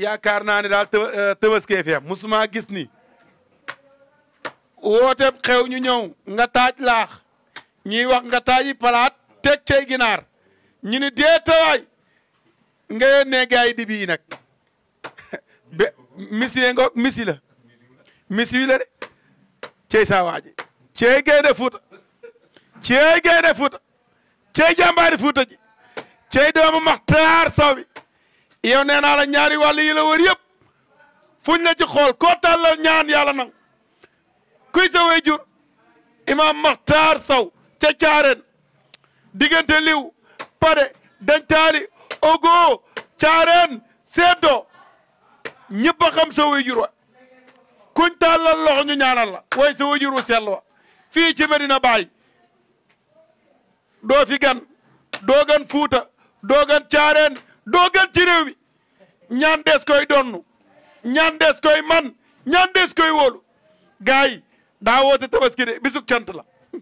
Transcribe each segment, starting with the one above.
yaakaar naa ne daal euh, Tabaski FM musuma gis ni woote xew ñu ñëw nga taaj laax ñuy wax nga taaji palaat teg cey ginaar ñu ni dee tawaay nga yónnee gars yi di bii nag be monsieur misi la misi wi de cey saa waaji cey gaynde Fuuta cey gaynde Fuuta cey jàmbaari Fuuta ji cey doomu Maxtaar Saw yow nee naa la ñaari wàll yi la wër yëpp fuñ la ci xool koo tàllal ñaan yàlla nang kuy sa way jur imaam Maxtaar Saw ca caareen diggante liw pare dañ taali ogo caareen seeddoo ñëpp a xam sa way wa kuñ tàllal loxo ñu ñaanal la way sa way jur wu sell wa fii ci Medina Baay doo gan doo Fuuta doo caareen doo gën ci réew mi ñaan des koy donnu ñaan des koy man ñaan des koy wóolu gars yi daa woote tabaski de bisu cant la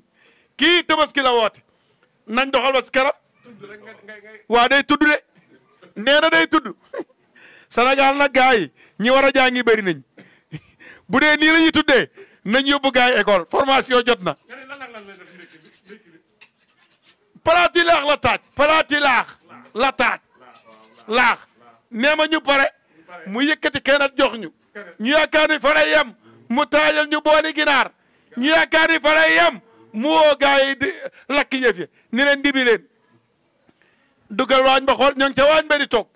kii tabaski la woote nañ doxal ba si waa day tudd de nee na day tudd Sénégal nag gars yi ñi war a jàngi bëri nañ bu dee nii la ñuy tuddee nañ yóbbu gars yi école formation jot na palaati laax la taaj palaati laax la taaj laax nee ma ñu pare mu yëkkati keneen jox ñu ñu yaakaar ni fa lay yem mu taajal ñu booli ginaar ñu yaakaar ni fa lay yem mu woo gars yi di lakk yëf yi ni leen dibi dugal waañ ba xool ñoo ca waañ ba di toog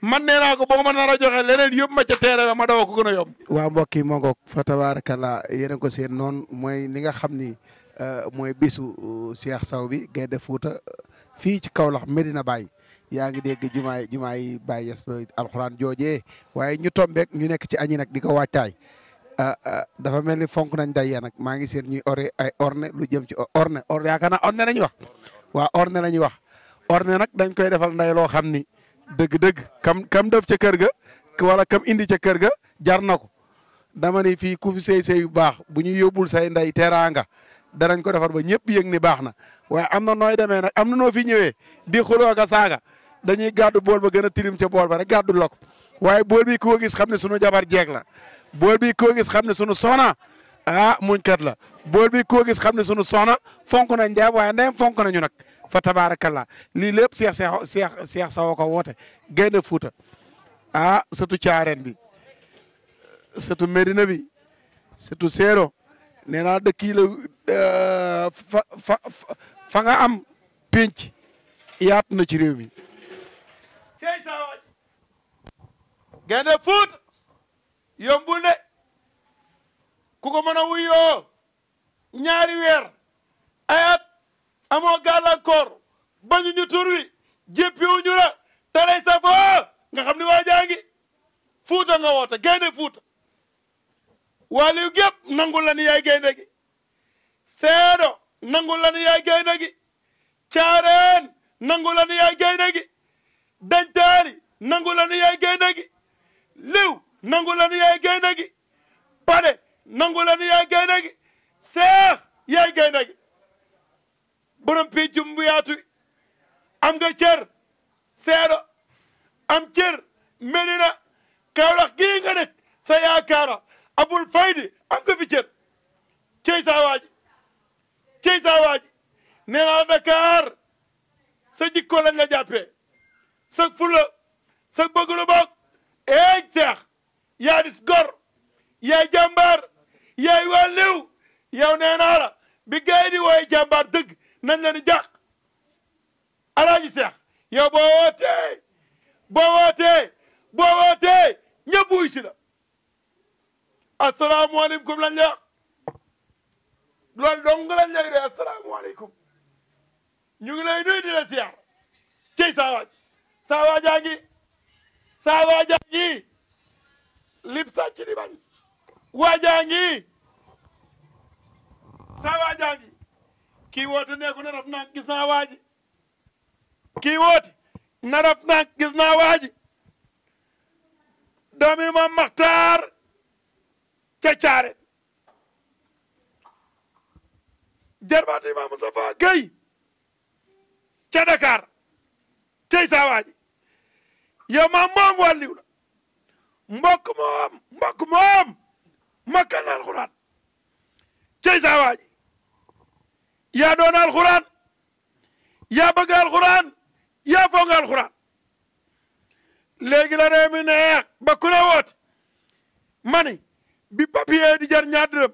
man nee naa ko boo ma nar a joxe leneen yóbbu ma ca teere ma dawa ko gën a yomb waa mbokk yi moo ngoog fa tabaarakalla yéen ko seen noonu mooy li nga xam ni euh, mooy bisu euh, Cheikh Saw bi Gaynde Fuuta euh, fii ci Kaolack Medina Baye yaa ngi dégg jumaay jumaay Baye Niass alxuraan joojee waaye ñu tombeek ñu nekk ci añi nag di ko wàccaay ah, ah, dafa mel ni fonk nañ dayya nag maa ngi seen ñu ore ay orne lu jëm ci orne orne yaakaar naa orne lañuy wax waaw orne lañuy wax orne nag dañ koy defal nday loo xam ni dëgg-dëgg kam kam def ca kër ga wala kam indi ca kër ga jar na ko dama ni fii ku fi sey sey yu baax bu ñu yóbbul say nday teraanga danañ ko defar ba ñëpp yëg ni baax na waaye am na nooy demee nak am na noo fi ñëwee di xuloo ak dañuy gàddu bool ba gën a tirim ca bool ba rek gàddu lok waaye bool bi koo gis xam ne sunu jabar jeeg la bool bi koo gis xam ne sunu soxna ah muñ kat la bool bi koo gis xam ne sunu soxna fonk nañ njaab waaye ndeyam fonk nañu nag fa tabaarakallaa lii lépp seex seex seex sawo ko woote gaynde fuuta ah sëtu caareen bi sëtu Medina bi sëtu Seero nee naa dëkk yi la euh, fa fa fa nga am pénc yaatu na ci réew mi cey saa waaj gaynde Fuuta ku ko mën a wuyoo ñaari weer ay at amoo gàllankoor bañu ñu tur wi jéppiwuñu la talay sa nga xam ni waa Fuuta nga woote gaynde Fuuta waaliyu gépp nangul ni yaay gaynde gi seedo nangul la ni yaay gaynde gi caareen nangul ni yaay gaynde gi dañtaari nangu la nu yaay gaynde gi liw nangu la nu yaay gaynde gi pade nangu la nu yaay gaynde gi seex yaay gaynde gi borom piccum bu yaatu am nga cër seedo am yaakaara abul faydi am nga fi cër cey saa waaji cey saa waaji nee naa Dakar sa jikko lañ la jàppee sag fulla sag bëgg lu bokk eey seex yaa dis gor yaay jàmbaar yaay wàlliw yow nee naa la bi gaay di wooye jàmbaar dëgg nañ la jàq alaaji seex yow boo wootee boo wootee boo wootee ñëpp wuy si la asalaamaaleykum lañ lay loolu dong lañ lay dee asalaamaaleykum ñu ngi lay nuyu di la siyaar cey saa waaj saa waa jaa ngi saa waa jaa ngi lib sàcc saa waa jaa ngi kii woote na raf naa gis naa waa kii woote na raf naa gis naa waa ji ma maxtaar ca caare jarbaati ma Moustapha Gueye ca Dakar tey saa waa yow maa moom wàlliw la mbokk moom mbokk moom makkan alxuraan cey saa waa yaa doon alxuraan yaa bëgg alxuraan yaa fonga alxuraan léegi la réew neex ba ku mani bi papier di jar ñaar dërëm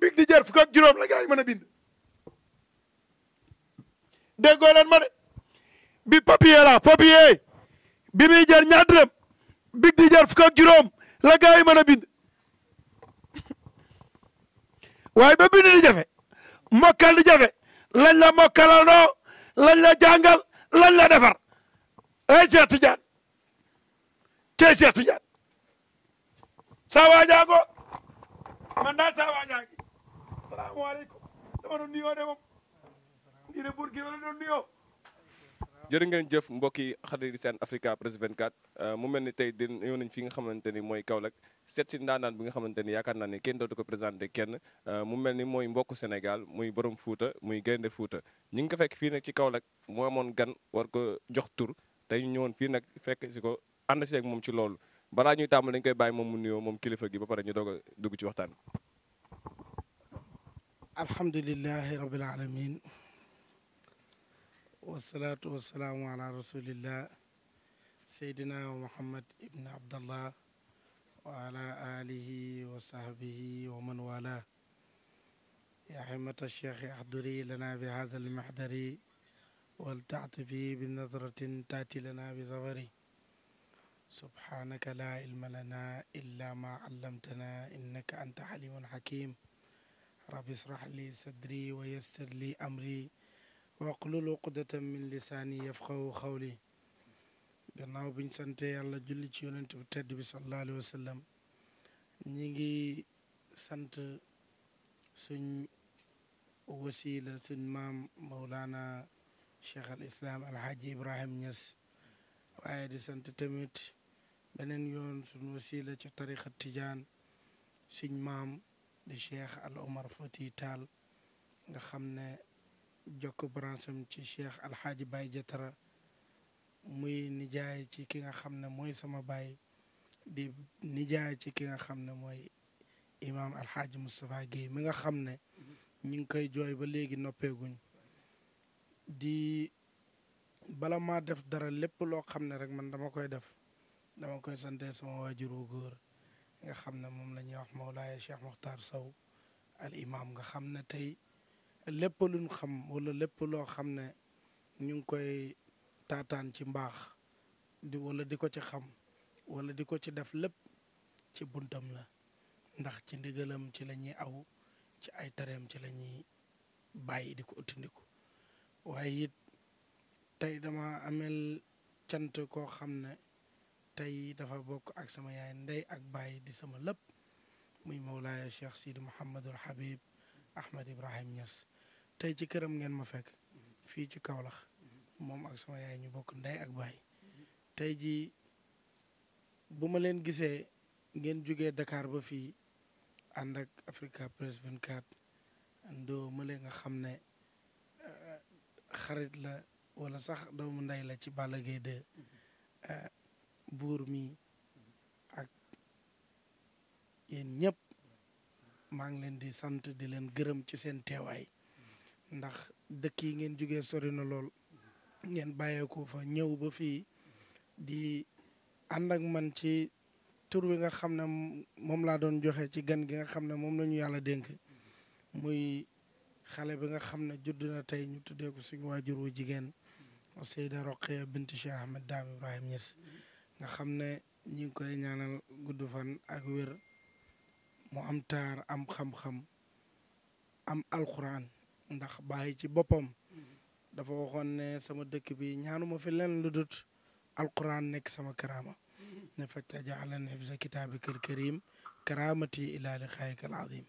big di jar fukk juróom la gaa yi bind déggoo ma de bi papier la papier bi muy jar ñaar dërëm di jar fukk ak la gaa yi mën a bind waaye ba bind di jafe mokkal di jafe lañ la mokkalandoo lañ la jàngal lañ la defar ay Seex Tijaan cey Seex Tijaan saa waajaango man daal saa waajaangi salaamaaleykum dama doon nuyoo de moom ndi ne la doon nuyoo jërë ngeen jëf mbokki xarit di Africa Presse 24 euh, mu mel ni din di ñëw nañ fi nga xamante ni mooy set seet si ndaanaan bi nga xamante ni yaakaar naa ne kenn dootu ko présenté ini euh, mu mel ni mau mbokku Sénégal muy borom Fuuta muy gaynde Fuuta ñu ngi ko fekk fii nag ci Kaolack mu amoon gan war ko jox tur tey ñu ñëwoon fii nag fekk ko ànd si ak moom ci loolu ñuy dañ koy mu kilifa gi ba pare ñu rabbil alamin والصلاة والسلام على رسول الله سيدنا محمد ابن عبد الله وعلى آله وصحبه ومن والاه يا حمة الشيخ احضري لنا بهذا المحضر ولتعطفي بنظرة تأتي لنا بظفري سبحانك لا علم لنا إلا ما علمتنا إنك أنت حليم حكيم رب اشرح لي صدري ويسر لي أمري واقلل عقدة من لساني يفقهوا قولي غناو بن سانتي يالله جولي تي يونت تيد بي صلى الله عليه وسلم نيغي سانت سن وسيله سن مام مولانا شيخ الاسلام الحاج ابراهيم نيس واي دي سانت تيميت بنن يون سن وسيله تي طريقه تيجان سن مام دي شيخ الامر فوتي تال nga xamne jokk branche mu ci Cheikh Alxaaji Baye Jatara muy nijaay ci ki nga xam ne mooy sama baay di ci ki nga xam ne mooy imaam Alxaaji Moustapha Guèye mi nga xam ne ñu ngi koy jooy ba léegi noppeeguñ di bala maa def dara lépp loo xam ne rek man dama koy def dama koy sante sama waajur wu góor nga xam ne moom la ñuy wax Mawlaaya Cheikh Mokhtar Sow al nga xam ne tey lépp luñ xam wala lépp loo xam ne ñu ngi koy taataan ci mbaax di wala di ko ci xam wala di ko ci def lépp ci buntam la ndax ci ndigalam ci la ñuy aw ci ay tareem ci la ñuy bàyyi di ko uttandiku waaye it tey dama ameel cant koo xam ne tey dafa bokk ak sama yaay ndey ak bàyyi di sama lépp muy mawlaaya cheikh sidi mouhamadul habib ahmad ibrahim ñas tey ci këram ngeen ma fekk fii ci kawlax moom ak sama yaay ñu bokk ndey ak baay tey jii bu ma leen gisee ngeen jógee dakaar ba fii ànd ak Africa Press 24 ndoo mële nga xam ne eh, xarit la wala sax doomu ndey la ci Balla Gaye eh, buur mi ak yéen ñépp maa ngi leen di sant di leen gërëm ci seen teewaay ndax dëkk yi ngeen jógee sori na lool ngeen bàyyeekoo fa ñëw ba fii di ànd ak man ci tur bi nga xam ne moom laa doon joxe ci gan gi nga xam ne moom lañu yàlla dénk muy xale bi nga xam ne judd na tey ñu tuddee ko suñu waajur wu jigéen Seyda Roqeya binti Cheikh Ahmed Dame Ibrahim Niass nga xam ne ñu ngi koy ñaanal gudd fan ak wér mu am taar am xam-xam am alquran ndax bàyyi ci bopam dafa waxoon ne sama dëkk bi ñaanuma fi len lu dut alquran nek sama karama ne fa tajalan fi kitabik alkarim karamati ila liqaayikal alazim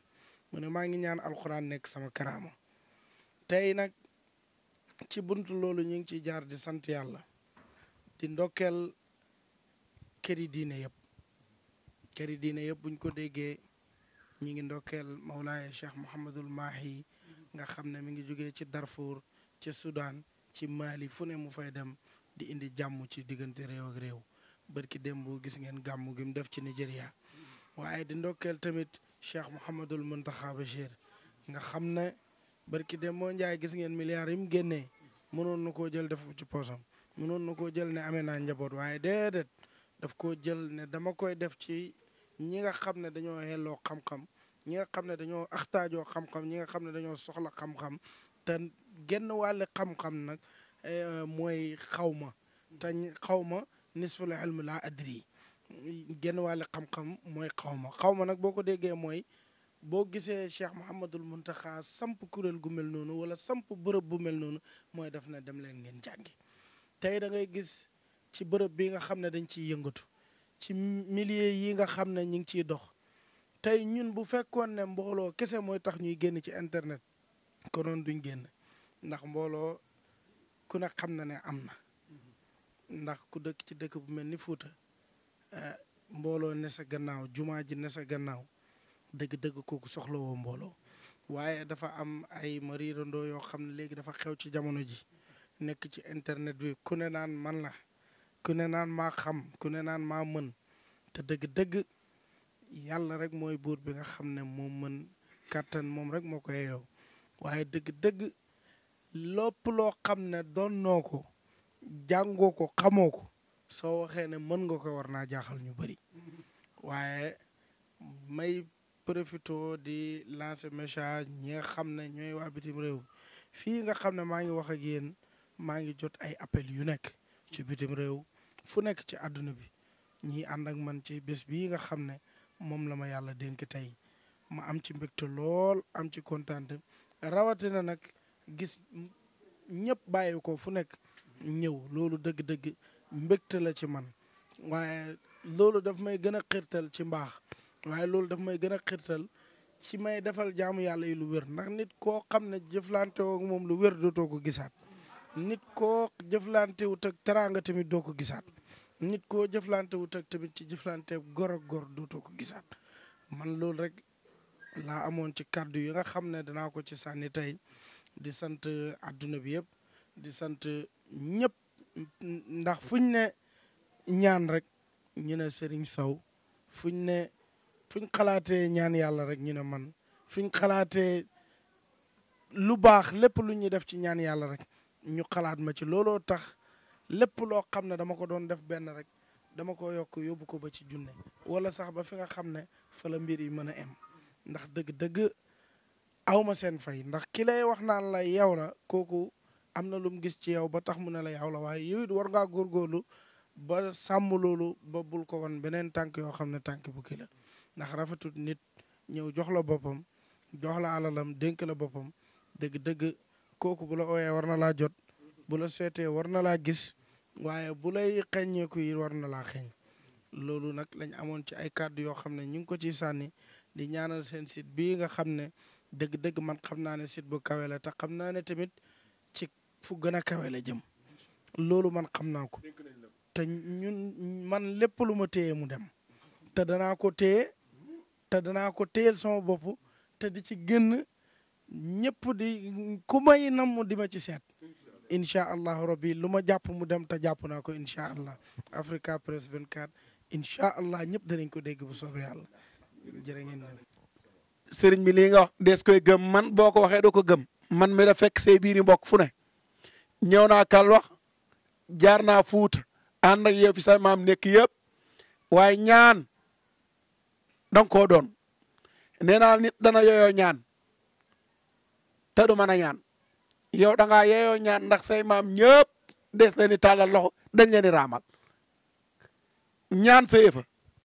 mune ma ngi ñaan alquran nek sama karama tay nak ci buntu lolu ñu ngi ciy jaar di sante yàlla di ndokel këri diine yeb këri diine yeb buñ ko déggee ñi ngi ndokel Mawlaaya Cheikh mohammedul Mahi nga xam ne mi ngi jógee ci Darfour ci sudan ci Mali fu ne mu fay dem di indi jàmm ci diggante réew ak réew bërki démb gis ngeen gàmm gi mu def ci nigeria waaye di ndokkeel tamit Cheikh Mouhamadul Mountakha Bachir nga xam ne bërki démb moo njaay gis ngeen milliards yi mu génnee mënoon na koo jël def ci poosam mënoon na koo jël ne amee naa njaboot waaye déedéet daf koo jël ne dama koy def ci ñi nga xam ne dañoo xelloo xam-xam ñi nga xam ne dañoo axtaajoo xam-xam ñi nga xam ne dañoo soxla xam-xam te genn wàll xam-xam nag eh, mooy xawma te xawma nisful ilm laa adri genn wàll xam-xam mooy xawma xawma nag boo ko déggee mooy boo gisee Cheikh Mouhamadul Muntaxa samp kuréel gu mel noonu wala samp bërëb bu mel noonu mooy def na dem leen ngeen jàngi tey da ngay gis ci bërëb bi nga xam ne dañ ciy yëngatu ci milieu yi nga xam ne ñu ngi ciy dox tey ñun bu fekkoon ne mbooloo kese mooy tax ñuy génn ci internet konoon duñ génn ndax mbooloo ku ne xam na ne am na ndax ku dëkk ci dëkk bu mel ni Fuuta eh, mbooloo ne sa gannaaw jumaa ji ne sa gannaaw dëgg-dëgg kooku soxlawoo mbooloo waaye dafa am ay mariirandoo yoo xam ne léegi dafa xew ci jamono ji nekk ci internet bi ku ne naan man la ku ne naan maa xam ku ne naan maa mën te dëgg-dëgg yàlla rek mooy buur bi nga xam ne moom mën kàttan moom rek moo ko yeew waaye dëgg-dëgg lopp loo xam ne doon noo ko jàngoo ko xamoo ko soo waxee ne mën nga ko war naa jaaxal ñu bari waaye may profito di lancer message ñi nga xam ne ñooy waa bitim réew fii nga xam ne maa ngi wax ak yéen maa ngi jot ay appel yu nekk ci bitim réew fu nekk ci àdduna bi ñi ànd ak man ci bés bii nga xam ne moom la ma yàlla dénk tey ma am ci mbégte lool am ci kontaan rawatina nag gis ñëpp bàyyi ko fu nekk ñëw loolu dëgg-dëgg mbégte la ci man waaye loolu daf may gën a xirtal ci mbaax waaye loolu daf may gën a xirtal ci may defal jaamu yàlla yi lu wér ndax nit koo xam ne jëflante woo moom lu wér dootoo ko gisaat nit koo jëflante wut ak teraanga tamit doo ko gisaat nit koo jëflante wut ak tamit ci jëflante gor ak gor ko gisaat man lool rek laa amoon ci kàddu yi nga xam ne danaa ko ci sànni tey di sant àdduna bi yëpp di sant ñëpp ndax fuñ ne ñaan rek ñu ne Serigne Sow fuñ ne fuñ xalaatee ñaan yàlla rek ñu ne man fuñ xalaatee lu baax lépp lu ñuy def ci ñaan yàlla rek ñu xalaat ma ci looloo tax lépp loo xam ne dama ko doon def benn rek dama ko yokk yóbbu ko ba ci junne wala sax ba fi nga xam ne fa la mbir yi mën a em ndax dëgg-dëgg awma seen fay ndax ki lay wax naan la yow la kooku am na lu mu gis ci yow ba tax mu ne la yow la waaye yow war ngaa góorgóorlu ba sàmm loolu ba bul ko wan beneen tànk yoo xam ne tànk bu kii ndax rafetut nit ñëw jox la boppam jox la alalam dénk la boppam dëgg-dëgg kooku bu la ooyee war na laa jot bu la seetee war na laa gis waaye bu lay xeññeeku yi war na laa xeeñ loolu nag lañ amoon ci ay kàddu yoo xam ne ñu ngi ko ci sànni di ñaanal seen site bii nga xam ne dëgg-dëgg man xam naa ne site bu kawe la te xam naa ne tamit ci fu gën a kawe jëm loolu man xam naa ko te ñun man lépp lu ma téye mu dem te danaa ko téye te danaa ko téyel sama bopp te di ci génn ñëpp di ku may namm di ma ci seet incha allah rabbi lu ma jàpp mu dem ta jàpp naa ko incha allah Africa Press 24 incha allah ñëpp danañ ko dégg bu soobee yàlla jërë ngeen sëriñ bi lii nga wax dees koy gëm man boo ko waxee doo ko gëm man mi la fekk say biiri mbokk fu ne ñëw naa kal wax jaar naa fuuta ànd ak yow fi sa maam nekk yëpp waaye ñaan danga koo doon nee nit dana yooyoo ñaan te du mën ñaan yow da ngaa yeeyoo ñaan ndax say maam ñëpp des leen di tàllal loxo dañ leen di raamal ñaan sa yëfa